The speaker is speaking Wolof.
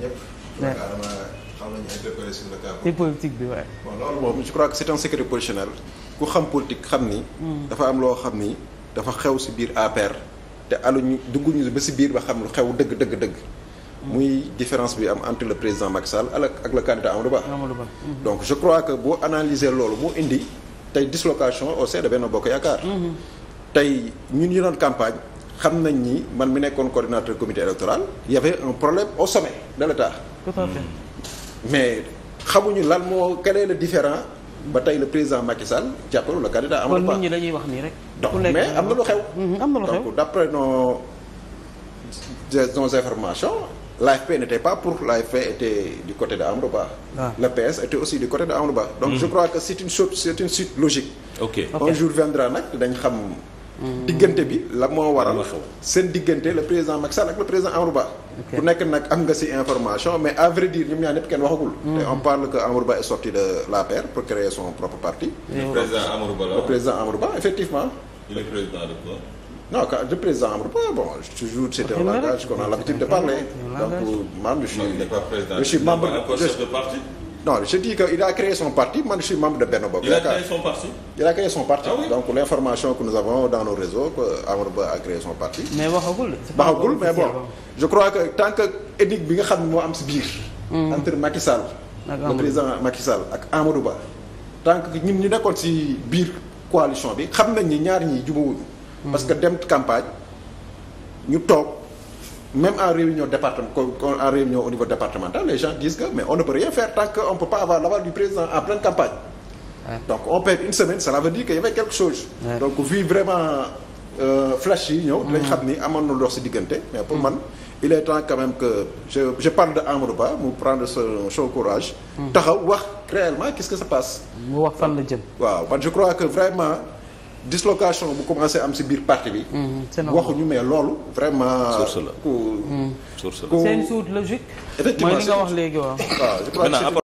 ñëpp. xam nañu interpellé sur le cas. politique bi moom je crois que c'est un secret professionnel ku xam politique xam ni. Hmm. dafa am loo xam ni dafa xew si biir APR. te aluñu dugguñu ba si biir ba xam lu xew dëgg dëgg dëgg. Hmm. muy différence bi am entre le président Macky Sall ak le candidat Amadou Ba. Amadou Ba hmm. donc je crois que boo analyser loolu moo indi tey dislocation au sein de Benno Bokk Yaakaar. tey ñun ñu doon campagne. xam nañ ni man mi nekkoon coordinateur comité électoral il y avait un problème au sommet de hmm. mais xamuñu lan moo quel est différent ba tey le président Macky Sall jàppalu le candidat Amadou Ba kon nit ñi dañuy wax nii rek donc mais am na lu xew hmm, am na lu xew donc d'après nos nos informations l'AFP n'était pas pour l'AFP était du côté de Amadou Ba ah. le PS était aussi du côté de Amadou Ba donc hmm. je crois que c'est une chose c'est une suite logique okay. Okay. un jour viendra nag dañ xam diggante bi la moo waral. seen diggante le président Macky Sall ak le président Amadou Ba. ku nekk nag am nga ci information mais à vrai dire ñoom ñaar ñëpp kenn waxagul. Mm. te on parle que Amadou Ba est sorti de l'APR pour créer son propre parti. le président Amadou Ba effectivement. le président Amadou Ba bon toujours c' est un langage qu'on a l'habitude de parler donc man je suis. je suis membre de parti. non je dis que il a créé son parti man je membre de Benno Bokk il a créé son parti. il a créé son parti. Ah oui? donc l' information nous avons dans nos réseaux que Ba a créé son parti. mais waxagul waxagul mais bon. je crois que tant que édite bi nga xam ne moo am si biir. Hmm. entre Macky Sall. le président Macky ak Amadou Ba. tant que ñun ñu nekkoon si biir coalition bi xam nañ ni ñaar ñi jubawuñu. Hmm. parce que dem campagne ñu toog. même en réunion département en réunion au niveau départemental les gens disent que mais on ne peut rien faire tant on peut pas avoir l'aval du président en pleine campagne donc on perd une semaine cela veut dire qu'il y avait quelque chose donc vu vraiment euh, flash yi mm. xam ni amoon na lor si diggante mais pour man mm. il est temps quand même que je je parle de Amadou Ba mu prendre son son courage mm. taxaw wax réellement qu'est-ce que ça passe mu wax fan la jëm waaw man je crois que vraiment dislocation bu commencé am si biir parti bi. Mhm, waxuñu mais loolu vraiment. source la ku. Mhm. source la c'est une suite logique. effectivement mooy li nga wax léegi waaw.